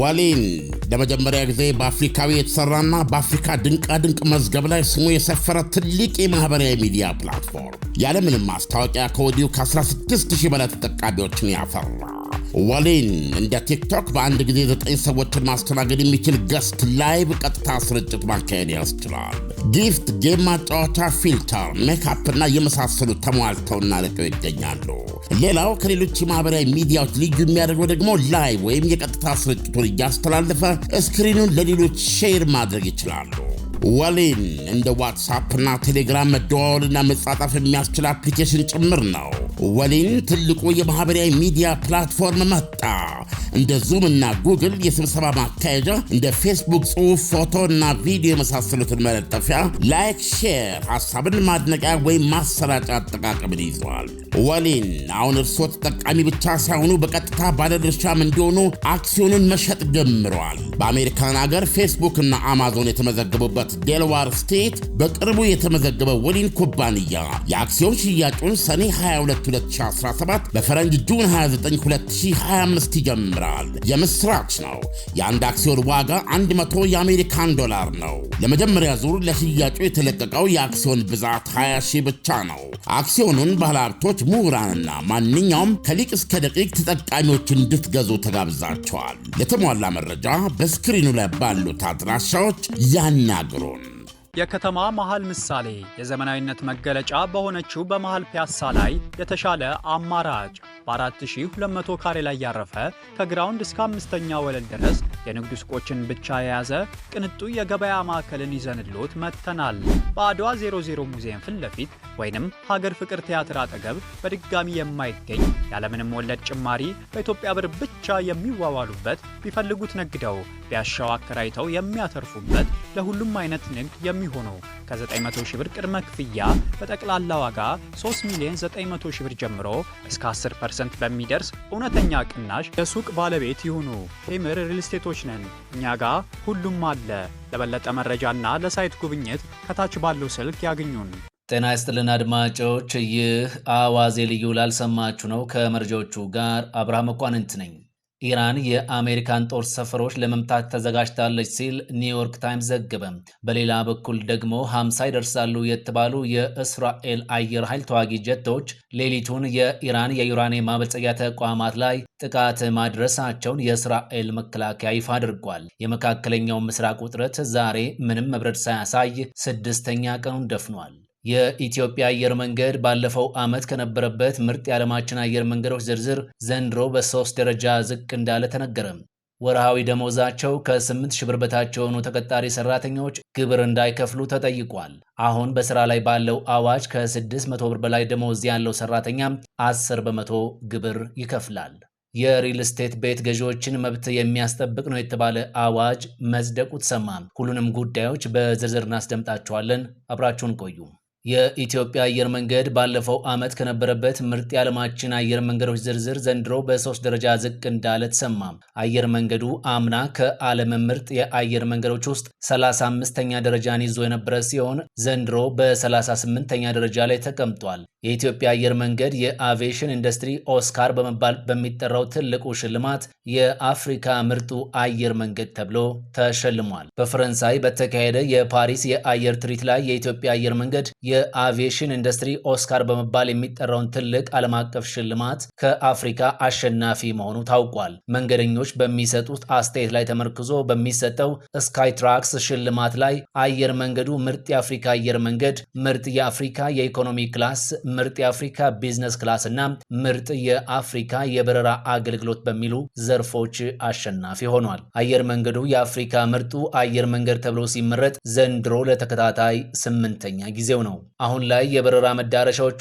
ዋሌን ለመጀመሪያ ጊዜ በአፍሪካዊ የተሰራና በአፍሪካ ድንቃድንቅ መዝገብ ላይ ስሙ የሰፈረ ትልቅ የማህበራዊ ሚዲያ ፕላትፎርም ያለምንም ማስታወቂያ ከወዲሁ ከ16 ሺህ በላይ ተጠቃሚዎችን ያፈራ ወሊን እንደ ቲክቶክ በአንድ ጊዜ ዘጠኝ ሰዎችን ማስተናገድ የሚችል ገስት ላይቭ ቀጥታ ስርጭት ማካሄድ ያስችላል። ጊፍት፣ ጌም ማጫወቻ፣ ፊልተር፣ ሜካፕ እና የመሳሰሉ ተሟልተውና ልቀው ይገኛሉ። ሌላው ከሌሎች የማህበራዊ ሚዲያዎች ልዩ የሚያደርገው ደግሞ ላይቭ ወይም የቀጥታ ስርጭቱን እያስተላለፈ ስክሪኑን ለሌሎች ሼር ማድረግ ይችላሉ። ወሊን እንደ ዋትሳፕና ቴሌግራም መደዋወልና መጻጣፍ የሚያስችል አፕሊኬሽን ጭምር ነው። ወሊን ትልቁ የማህበራዊ ሚዲያ ፕላትፎርም መጣ። እንደ ዙም እና ጉግል የስብሰባ ማካሄጃ፣ እንደ ፌስቡክ ጽሑፍ፣ ፎቶ እና ቪዲዮ የመሳሰሉትን መለጠፊያ፣ ላይክ፣ ሼር፣ ሀሳብን ማድነቂያ ወይም ማሰራጫ አጠቃቀምን ይዘዋል። ወሊን አሁን እርስዎ ተጠቃሚ ብቻ ሳይሆኑ በቀጥታ ባለድርሻም እንዲሆኑ አክሲዮንን መሸጥ ጀምረዋል። በአሜሪካን አገር ፌስቡክ እና አማዞን የተመዘገቡበት ዴልዋር ስቴት በቅርቡ የተመዘገበ ወሊን ኩባንያ የአክሲዮን ሽያጩን ሰኔ 22 2017 በፈረንጅ ጁን 29 2025 ይጀምራል። ይጀምራል። የምስራች ነው። የአንድ አክሲዮን ዋጋ 100 የአሜሪካን ዶላር ነው። ለመጀመሪያ ዙር ለሽያጩ የተለቀቀው የአክሲዮን ብዛት 20 ሺህ ብቻ ነው። አክሲዮኑን ባለሀብቶች፣ ምሁራንና ማንኛውም ከሊቅ እስከ ደቂቅ ተጠቃሚዎች እንድትገዙ ተጋብዛቸዋል። ለተሟላ መረጃ በስክሪኑ ላይ ባሉት አድራሻዎች ያናግሩን። የከተማ መሃል ምሳሌ የዘመናዊነት መገለጫ በሆነችው በመሃል ፒያሳ ላይ የተሻለ አማራጭ በ4200 ካሬ ላይ ያረፈ ከግራውንድ እስከ አምስተኛ ወለል ድረስ የንግድ ሱቆችን ብቻ የያዘ ቅንጡ የገበያ ማዕከልን ይዘንሎት መጥተናል። በአድዋ 00 ሙዚየም ፊት ለፊት ወይንም ሀገር ፍቅር ቲያትር አጠገብ በድጋሚ የማይገኝ ያለምንም ወለድ ጭማሪ በኢትዮጵያ ብር ብቻ የሚዋዋሉበት ቢፈልጉት ነግደው ቢያሻው አከራይተው የሚያተርፉበት ለሁሉም አይነት ንግድ የሚሆነው ከ900 ሺህ ብር ቅድመ ክፍያ በጠቅላላ ዋጋ 3 ሚሊዮን 900 ሺህ ብር ጀምሮ እስከ 10 ፐርሰንት በሚደርስ እውነተኛ ቅናሽ የሱቅ ባለቤት ይሁኑ። ቴምር ሪል ስቴቶች ነን። እኛ ጋ ሁሉም አለ። ለበለጠ መረጃና ለሳይት ጉብኝት ከታች ባለው ስልክ ያግኙን። ጤና ይስጥልን አድማጮች፣ ይህ አዋዜ ልዩ ላልሰማችሁ ነው። ከመረጃዎቹ ጋር አብርሃም መኳንንት ነኝ። ኢራን የአሜሪካን ጦር ሰፈሮች ለመምታት ተዘጋጅታለች ሲል ኒውዮርክ ታይምስ ዘገበ። በሌላ በኩል ደግሞ ሀምሳ ይደርሳሉ የተባሉ የእስራኤል አየር ኃይል ተዋጊ ጀቶች ሌሊቱን የኢራን የዩራኒየም ማበልጸጊያ ተቋማት ላይ ጥቃት ማድረሳቸውን የእስራኤል መከላከያ ይፋ አድርጓል። የመካከለኛው ምስራቅ ውጥረት ዛሬ ምንም መብረድ ሳያሳይ ስድስተኛ ቀኑን ደፍኗል። የኢትዮጵያ አየር መንገድ ባለፈው ዓመት ከነበረበት ምርጥ የዓለማችን አየር መንገዶች ዝርዝር ዘንድሮ በሶስት ደረጃ ዝቅ እንዳለ ተነገረም። ወርሃዊ ደሞዛቸው ከ8 ሺህ ብር በታች የሆኑ ተቀጣሪ ሰራተኞች ግብር እንዳይከፍሉ ተጠይቋል። አሁን በስራ ላይ ባለው አዋጅ ከ600 ብር በላይ ደሞዝ ያለው ሰራተኛ 10 በመቶ ግብር ይከፍላል። የሪል ስቴት ቤት ገዢዎችን መብት የሚያስጠብቅ ነው የተባለ አዋጅ መጽደቁ ተሰማ። ሁሉንም ጉዳዮች በዝርዝር እናስደምጣቸዋለን። አብራችሁን ቆዩም። የኢትዮጵያ አየር መንገድ ባለፈው ዓመት ከነበረበት ምርጥ የዓለማችን አየር መንገዶች ዝርዝር ዘንድሮ በሶስት ደረጃ ዝቅ እንዳለ ተሰማ። አየር መንገዱ አምና ከዓለም ምርጥ የአየር መንገዶች ውስጥ 35ኛ ደረጃን ይዞ የነበረ ሲሆን ዘንድሮ በ38ኛ ደረጃ ላይ ተቀምጧል። የኢትዮጵያ አየር መንገድ የአቪዬሽን ኢንዱስትሪ ኦስካር በመባል በሚጠራው ትልቁ ሽልማት የአፍሪካ ምርጡ አየር መንገድ ተብሎ ተሸልሟል። በፈረንሳይ በተካሄደ የፓሪስ የአየር ትርኢት ላይ የኢትዮጵያ አየር መንገድ የአቪዬሽን ኢንዱስትሪ ኦስካር በመባል የሚጠራውን ትልቅ ዓለም አቀፍ ሽልማት ከአፍሪካ አሸናፊ መሆኑ ታውቋል። መንገደኞች በሚሰጡት አስተያየት ላይ ተመርክዞ በሚሰጠው ስካይትራክስ ሽልማት ላይ አየር መንገዱ ምርጥ የአፍሪካ አየር መንገድ፣ ምርጥ የአፍሪካ የኢኮኖሚ ክላስ ምርጥ የአፍሪካ ቢዝነስ ክላስ እና ምርጥ የአፍሪካ የበረራ አገልግሎት በሚሉ ዘርፎች አሸናፊ ሆኗል። አየር መንገዱ የአፍሪካ ምርጡ አየር መንገድ ተብሎ ሲመረጥ ዘንድሮ ለተከታታይ ስምንተኛ ጊዜው ነው። አሁን ላይ የበረራ መዳረሻዎቹ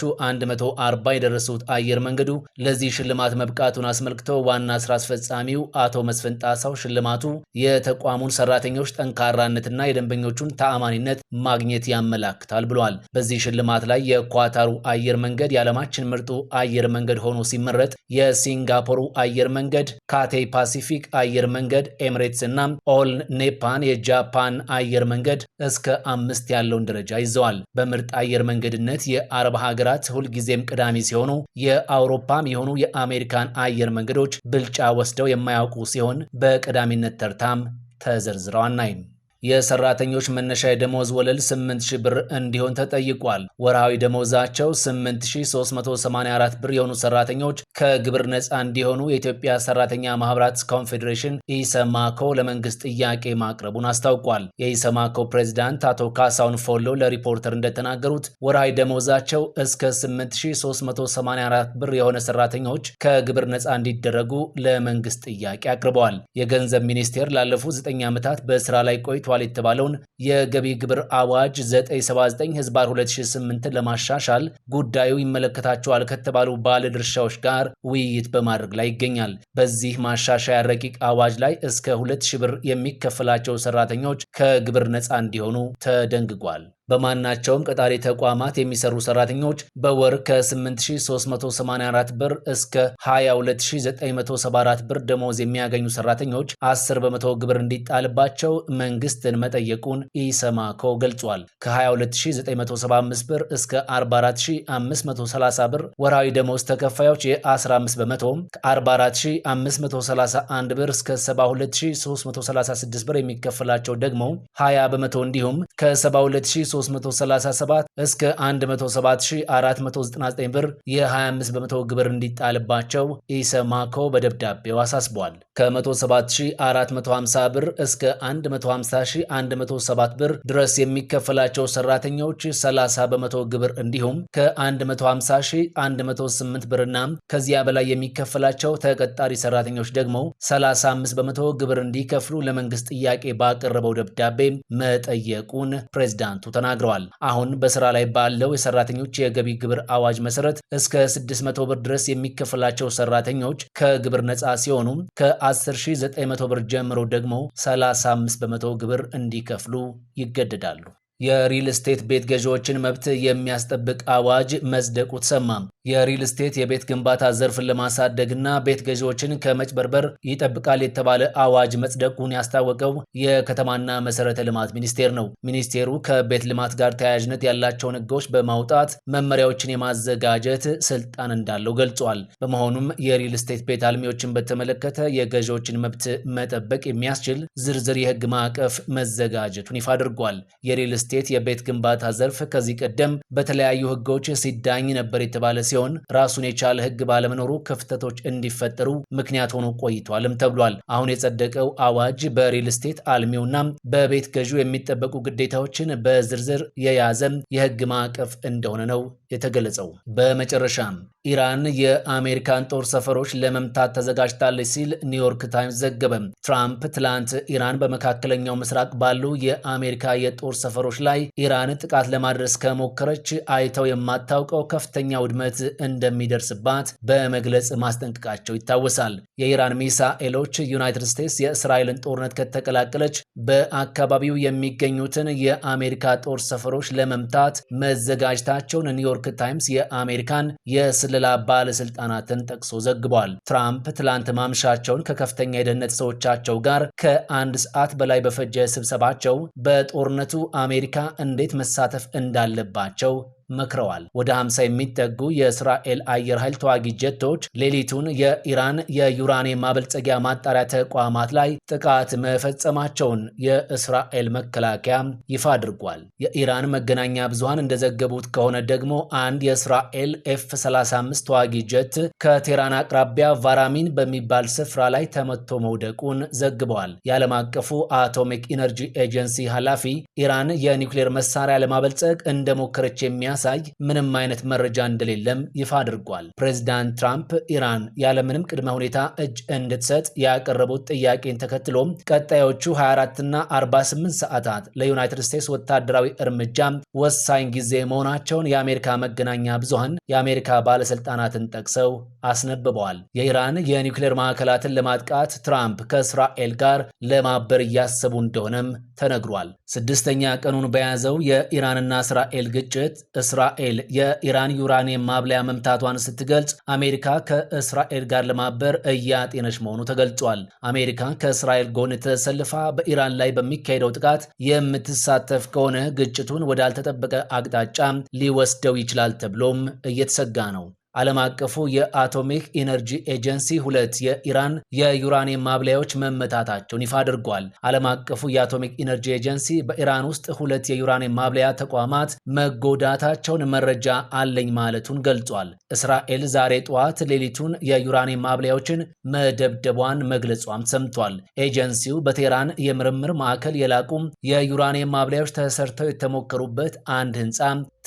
140 የደረሱት አየር መንገዱ ለዚህ ሽልማት መብቃቱን አስመልክቶ ዋና ስራ አስፈጻሚው አቶ መስፍን ጣሳው ሽልማቱ የተቋሙን ሰራተኞች ጠንካራነትና የደንበኞቹን ተአማኒነት ማግኘት ያመላክታል ብሏል። በዚህ ሽልማት ላይ የኳታሩ አየር መንገድ የዓለማችን ምርጡ አየር መንገድ ሆኖ ሲመረጥ የሲንጋፖሩ አየር መንገድ፣ ካቴይ ፓሲፊክ አየር መንገድ፣ ኤምሬትስ እና ኦል ኔፓን የጃፓን አየር መንገድ እስከ አምስት ያለውን ደረጃ ይዘዋል። በምርጥ አየር መንገድነት የአረብ ሀገራት ሁልጊዜም ቀዳሚ ሲሆኑ የአውሮፓም የሆኑ የአሜሪካን አየር መንገዶች ብልጫ ወስደው የማያውቁ ሲሆን በቀዳሚነት ተርታም ተዘርዝረው አናይም። የሰራተኞች መነሻ የደሞዝ ወለል 8000 ብር እንዲሆን ተጠይቋል። ወርሃዊ ደሞዛቸው 8384 ብር የሆኑ ሰራተኞች ከግብር ነፃ እንዲሆኑ የኢትዮጵያ ሰራተኛ ማህበራት ኮንፌዴሬሽን ኢሰማኮ ለመንግስት ጥያቄ ማቅረቡን አስታውቋል። የኢሰማኮ ፕሬዚዳንት አቶ ካሳውን ፎሎ ለሪፖርተር እንደተናገሩት ወርሃዊ ደሞዛቸው እስከ 8384 ብር የሆነ ሰራተኞች ከግብር ነፃ እንዲደረጉ ለመንግስት ጥያቄ አቅርበዋል። የገንዘብ ሚኒስቴር ላለፉት 9 ዓመታት በስራ ላይ ቆይቷል ተላልፏል የተባለውን የገቢ ግብር አዋጅ 979 ህዝባር 2008 ለማሻሻል ጉዳዩ ይመለከታቸዋል ከተባሉ ባለ ድርሻዎች ጋር ውይይት በማድረግ ላይ ይገኛል። በዚህ ማሻሻያ ረቂቅ አዋጅ ላይ እስከ 2 ብር የሚከፈላቸው ሰራተኞች ከግብር ነፃ እንዲሆኑ ተደንግጓል። በማናቸውም ቀጣሪ ተቋማት የሚሰሩ ሰራተኞች በወር ከ8384 ብር እስከ 22974 ብር ደሞዝ የሚያገኙ ሰራተኞች 10 በመቶ ግብር እንዲጣልባቸው መንግስትን መጠየቁን ኢሰማኮ ገልጿል። ከ22975 ብር እስከ 44530 ብር ወራዊ ደሞዝ ተከፋዮች የ15 በመቶ ከ44531 ብር እስከ 72336 ብር የሚከፍላቸው ደግሞ 20 በመቶ እንዲሁም ከ723 337 እስከ 17499 ብር የ25 በመቶ ግብር እንዲጣልባቸው ኢሰማኮ በደብዳቤው አሳስቧል። ከ107450 ብር እስከ 150107 ብር ድረስ የሚከፈላቸው ሰራተኞች 30 በመቶ ግብር እንዲሁም ከ150108 ብርና ከዚያ በላይ የሚከፈላቸው ተቀጣሪ ሰራተኞች ደግሞ 35 በመቶ ግብር እንዲከፍሉ ለመንግስት ጥያቄ ባቀረበው ደብዳቤ መጠየቁን ፕሬዝዳንቱ ተናግረዋል። አሁን በስራ ላይ ባለው የሰራተኞች የገቢ ግብር አዋጅ መሰረት እስከ 600 ብር ድረስ የሚከፈላቸው ሰራተኞች ከግብር ነፃ ሲሆኑ ከ 10900 ብር ጀምሮ ደግሞ 35 በመቶ ግብር እንዲከፍሉ ይገደዳሉ። የሪል ስቴት ቤት ገዢዎችን መብት የሚያስጠብቅ አዋጅ መጽደቁ ተሰማም። የሪል ስቴት የቤት ግንባታ ዘርፍን ለማሳደግና ቤት ገዢዎችን ከመጭበርበር ይጠብቃል የተባለ አዋጅ መጽደቁን ያስታወቀው የከተማና መሰረተ ልማት ሚኒስቴር ነው። ሚኒስቴሩ ከቤት ልማት ጋር ተያያዥነት ያላቸውን ህጎች በማውጣት መመሪያዎችን የማዘጋጀት ስልጣን እንዳለው ገልጿል። በመሆኑም የሪል ስቴት ቤት አልሚዎችን በተመለከተ የገዢዎችን መብት መጠበቅ የሚያስችል ዝርዝር የህግ ማዕቀፍ መዘጋጀቱን ይፋ አድርጓል። የሪል ስቴት የቤት ግንባታ ዘርፍ ከዚህ ቀደም በተለያዩ ህጎች ሲዳኝ ነበር የተባለ ሲሆን ራሱን የቻለ ህግ ባለመኖሩ ክፍተቶች እንዲፈጠሩ ምክንያት ሆኖ ቆይቷልም ተብሏል። አሁን የጸደቀው አዋጅ በሪል ስቴት አልሚውና በቤት ገዢው የሚጠበቁ ግዴታዎችን በዝርዝር የያዘ የህግ ማዕቀፍ እንደሆነ ነው የተገለጸው። በመጨረሻም ኢራን የአሜሪካን ጦር ሰፈሮች ለመምታት ተዘጋጅታለች ሲል ኒውዮርክ ታይምስ ዘገበ። ትራምፕ ትላንት ኢራን በመካከለኛው ምስራቅ ባሉ የአሜሪካ የጦር ሰፈሮች ላይ ኢራን ጥቃት ለማድረስ ከሞከረች አይተው የማታውቀው ከፍተኛ ውድመት እንደሚደርስባት በመግለጽ ማስጠንቀቃቸው ይታወሳል። የኢራን ሚሳኤሎች ዩናይትድ ስቴትስ የእስራኤልን ጦርነት ከተቀላቀለች በአካባቢው የሚገኙትን የአሜሪካ ጦር ሰፈሮች ለመምታት መዘጋጅታቸውን ኒውዮርክ ኒውዮርክ ታይምስ የአሜሪካን የስለላ ባለስልጣናትን ጠቅሶ ዘግቧል። ትራምፕ ትላንት ማምሻቸውን ከከፍተኛ የደህንነት ሰዎቻቸው ጋር ከአንድ ሰዓት በላይ በፈጀ ስብሰባቸው በጦርነቱ አሜሪካ እንዴት መሳተፍ እንዳለባቸው መክረዋል። ወደ 50 የሚጠጉ የእስራኤል አየር ኃይል ተዋጊ ጀቶች ሌሊቱን የኢራን የዩራኒየም ማበልጸጊያ ማጣሪያ ተቋማት ላይ ጥቃት መፈጸማቸውን የእስራኤል መከላከያ ይፋ አድርጓል። የኢራን መገናኛ ብዙሃን እንደዘገቡት ከሆነ ደግሞ አንድ የእስራኤል ኤፍ 35 ተዋጊ ጀት ከቴራን አቅራቢያ ቫራሚን በሚባል ስፍራ ላይ ተመቶ መውደቁን ዘግበዋል። የዓለም አቀፉ አቶሚክ ኢነርጂ ኤጀንሲ ኃላፊ ኢራን የኒውክሌር መሳሪያ ለማበልጸግ እንደሞከረች የሚያስ የሚያሳይ ምንም አይነት መረጃ እንደሌለም ይፋ አድርጓል። ፕሬዚዳንት ትራምፕ ኢራን ያለምንም ቅድመ ሁኔታ እጅ እንድትሰጥ ያቀረቡት ጥያቄን ተከትሎም ቀጣዮቹ 24ና 48 ሰዓታት ለዩናይትድ ስቴትስ ወታደራዊ እርምጃ ወሳኝ ጊዜ መሆናቸውን የአሜሪካ መገናኛ ብዙሃን የአሜሪካ ባለስልጣናትን ጠቅሰው አስነብበዋል። የኢራን የኒውክሌር ማዕከላትን ለማጥቃት ትራምፕ ከእስራኤል ጋር ለማበር እያሰቡ እንደሆነም ተነግሯል። ስድስተኛ ቀኑን በያዘው የኢራንና እስራኤል ግጭት እስራኤል የኢራን ዩራኒየም ማብለያ መምታቷን ስትገልጽ አሜሪካ ከእስራኤል ጋር ለማበር እያጤነች መሆኑ ተገልጿል። አሜሪካ ከእስራኤል ጎን ተሰልፋ በኢራን ላይ በሚካሄደው ጥቃት የምትሳተፍ ከሆነ ግጭቱን ወዳልተጠበቀ አቅጣጫ ሊወስደው ይችላል ተብሎም እየተሰጋ ነው። ዓለም አቀፉ የአቶሚክ ኢነርጂ ኤጀንሲ ሁለት የኢራን የዩራኒየም ማብለያዎች መመታታቸውን ይፋ አድርጓል። ዓለም አቀፉ የአቶሚክ ኢነርጂ ኤጀንሲ በኢራን ውስጥ ሁለት የዩራኒየም ማብለያ ተቋማት መጎዳታቸውን መረጃ አለኝ ማለቱን ገልጿል። እስራኤል ዛሬ ጠዋት ሌሊቱን የዩራኒየም ማብለያዎችን መደብደቧን መግለጿም ሰምቷል። ኤጀንሲው በቴህራን የምርምር ማዕከል የላቁም የዩራኒየም ማብለያዎች ተሰርተው የተሞከሩበት አንድ ህንፃ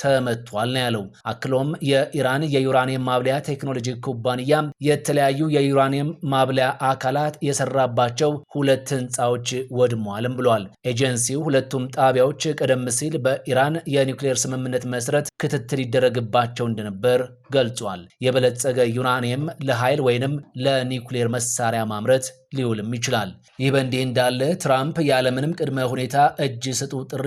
ተመቷል ነው ያለው። አክሎም የኢራን የዩራኒየም ማብለያ ቴክኖሎጂ ኩባንያ የተለያዩ የዩራኒየም ማብለያ አካላት የሰራባቸው ሁለት ህንፃዎች ወድመዋልም ብሏል። ኤጀንሲው ሁለቱም ጣቢያዎች ቀደም ሲል በኢራን የኒውክሌር ስምምነት መሰረት ክትትል ይደረግባቸው እንደነበር ገልጿል። የበለጸገ ዩራኒየም ለኃይል ወይንም ለኒውክሌር መሳሪያ ማምረት ሊውልም ይችላል። ይህ በእንዲህ እንዳለ ትራምፕ ያለምንም ቅድመ ሁኔታ እጅ ስጡ ጥሪ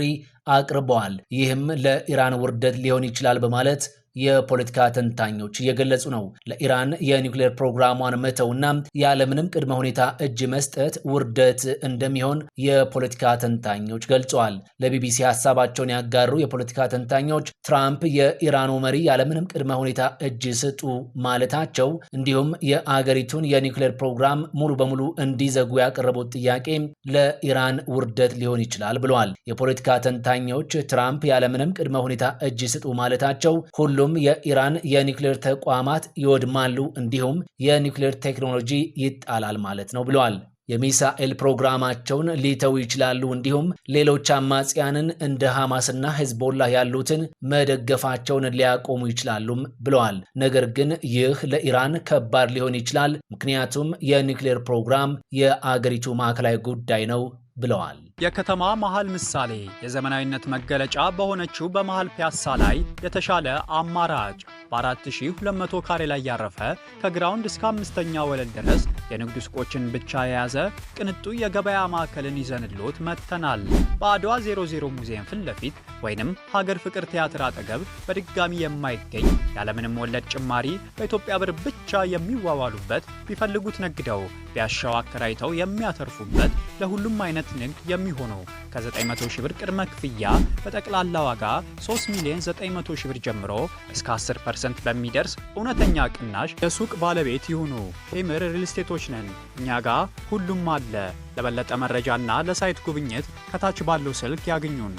አቅርበዋል። ይህም ለኢራን ውርደት ሊሆን ይችላል በማለት የፖለቲካ ተንታኞች እየገለጹ ነው። ለኢራን የኒውክሌር ፕሮግራሟን መተውና ያለምንም ቅድመ ሁኔታ እጅ መስጠት ውርደት እንደሚሆን የፖለቲካ ተንታኞች ገልጸዋል። ለቢቢሲ ሀሳባቸውን ያጋሩ የፖለቲካ ተንታኞች ትራምፕ የኢራኑ መሪ ያለምንም ቅድመ ሁኔታ እጅ ስጡ ማለታቸው እንዲሁም የአገሪቱን የኒውክሌር ፕሮግራም ሙሉ በሙሉ እንዲዘጉ ያቀረቡት ጥያቄ ለኢራን ውርደት ሊሆን ይችላል ብለዋል። የፖለቲካ ተንታኞች ትራምፕ ያለምንም ቅድመ ሁኔታ እጅ ስጡ ማለታቸው ሁሉ ሁሉም የኢራን የኒውክሌር ተቋማት ይወድማሉ፣ እንዲሁም የኒውክሌር ቴክኖሎጂ ይጣላል ማለት ነው ብለዋል። የሚሳኤል ፕሮግራማቸውን ሊተው ይችላሉ፣ እንዲሁም ሌሎች አማጽያንን እንደ ሐማስና ሄዝቦላ ያሉትን መደገፋቸውን ሊያቆሙ ይችላሉም ብለዋል። ነገር ግን ይህ ለኢራን ከባድ ሊሆን ይችላል፣ ምክንያቱም የኒውክሌር ፕሮግራም የአገሪቱ ማዕከላዊ ጉዳይ ነው ብለዋል። የከተማ መሃል ምሳሌ የዘመናዊነት መገለጫ በሆነችው በመሃል ፒያሳ ላይ የተሻለ አማራጭ በ4200 ካሬ ላይ ያረፈ ከግራውንድ እስከ አምስተኛ ወለል ድረስ የንግድ ሱቆችን ብቻ የያዘ ቅንጡ የገበያ ማዕከልን ይዘንሎት መጥተናል። በአድዋ 00 ሙዚየም ፊት ለፊት ወይንም ሀገር ፍቅር ቲያትር አጠገብ በድጋሚ የማይገኝ ያለምንም ወለድ ጭማሪ በኢትዮጵያ ብር ብቻ የሚዋዋሉበት ቢፈልጉት ነግደው ቢያሻው አከራይተው የሚያተርፉበት ለሁሉም አይነት ንግድ የሚሆነው ከ900 ሺህ ብር ቅድመ ክፍያ በጠቅላላ ዋጋ 3 ሚሊዮን 900 ሺህ ብር ጀምሮ እስከ 10% በሚደርስ እውነተኛ ቅናሽ የሱቅ ባለቤት ይሁኑ። ቴምር ሪል ስቴቶች ነን። እኛ ጋ ሁሉም አለ። ለበለጠ መረጃና ለሳይት ጉብኝት ከታች ባለው ስልክ ያግኙን።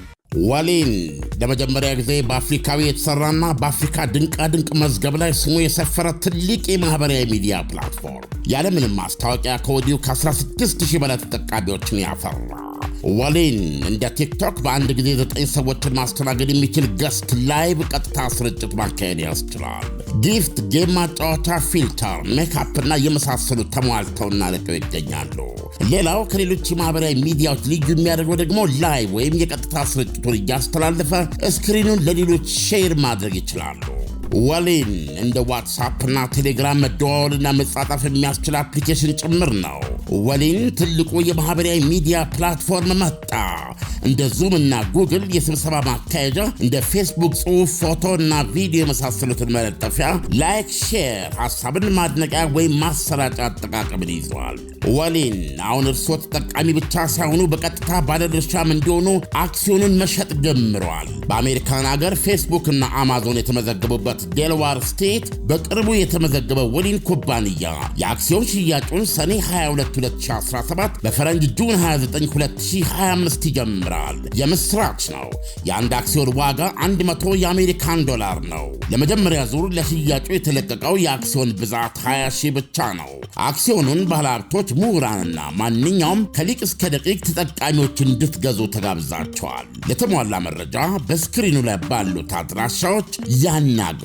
ወሊን ለመጀመሪያ ጊዜ በአፍሪካዊ የተሰራና በአፍሪካ ድንቃድንቅ መዝገብ ላይ ስሙ የሰፈረ ትልቅ የማህበራዊ ሚዲያ ፕላትፎርም ያለምንም ማስታወቂያ ከወዲሁ ከ16000 በላይ ተጠቃሚዎችን ያፈራ። ዋሊን እንደ ቲክቶክ በአንድ ጊዜ ዘጠኝ ሰዎችን ማስተናገድ የሚችል ገስት ላይቭ ቀጥታ ስርጭት ማካሄድ ያስችላል። ጊፍት፣ ጌም ማጫወቻ፣ ፊልተር፣ ሜካፕ እና የመሳሰሉ ተሟልተውና ልቀው ይገኛሉ። ሌላው ከሌሎች የማህበራዊ ሚዲያዎች ልዩ የሚያደርገው ደግሞ ላይቭ ወይም የቀጥታ ስርጭቱን እያስተላለፈ ስክሪኑን ለሌሎች ሼር ማድረግ ይችላሉ። ወሊን እንደ ዋትሳፕና ቴሌግራም መደዋወልና መጻጣፍ የሚያስችል አፕሊኬሽን ጭምር ነው። ወሊን ትልቁ የማህበራዊ ሚዲያ ፕላትፎርም መጣ። እንደ ዙም እና ጉግል የስብሰባ ማካሄጃ፣ እንደ ፌስቡክ ጽሑፍ፣ ፎቶ እና ቪዲዮ የመሳሰሉትን መለጠፊያ፣ ላይክ፣ ሼር፣ ሀሳብን ማድነቂያ ወይም ማሰራጫ አጠቃቀምን ይዘዋል። ወሊን አሁን እርስዎ ተጠቃሚ ብቻ ሳይሆኑ በቀጥታ ባለድርሻም እንዲሆኑ አክሲዮንን መሸጥ ጀምረዋል። በአሜሪካን አገር ፌስቡክ እና አማዞን የተመዘገቡበት ግዛት ዴልዋር ስቴት በቅርቡ የተመዘገበው ወሊን ኩባንያ የአክሲዮን ሽያጩን ሰኔ 22 2017 በፈረንጅ ጁን 29 2025 ይጀምራል። የምስራች ነው። የአንድ አክሲዮን ዋጋ 100 የአሜሪካን ዶላር ነው። ለመጀመሪያ ዙር ለሽያጩ የተለቀቀው የአክሲዮን ብዛት 20 ሺህ ብቻ ነው። አክሲዮኑን ባለሀብቶች፣ ምሁራንና ማንኛውም ከሊቅ እስከ ደቂቅ ተጠቃሚዎች እንድትገዙ ተጋብዛቸዋል። ለተሟላ መረጃ በስክሪኑ ላይ ባሉት አድራሻዎች ያናግሩ።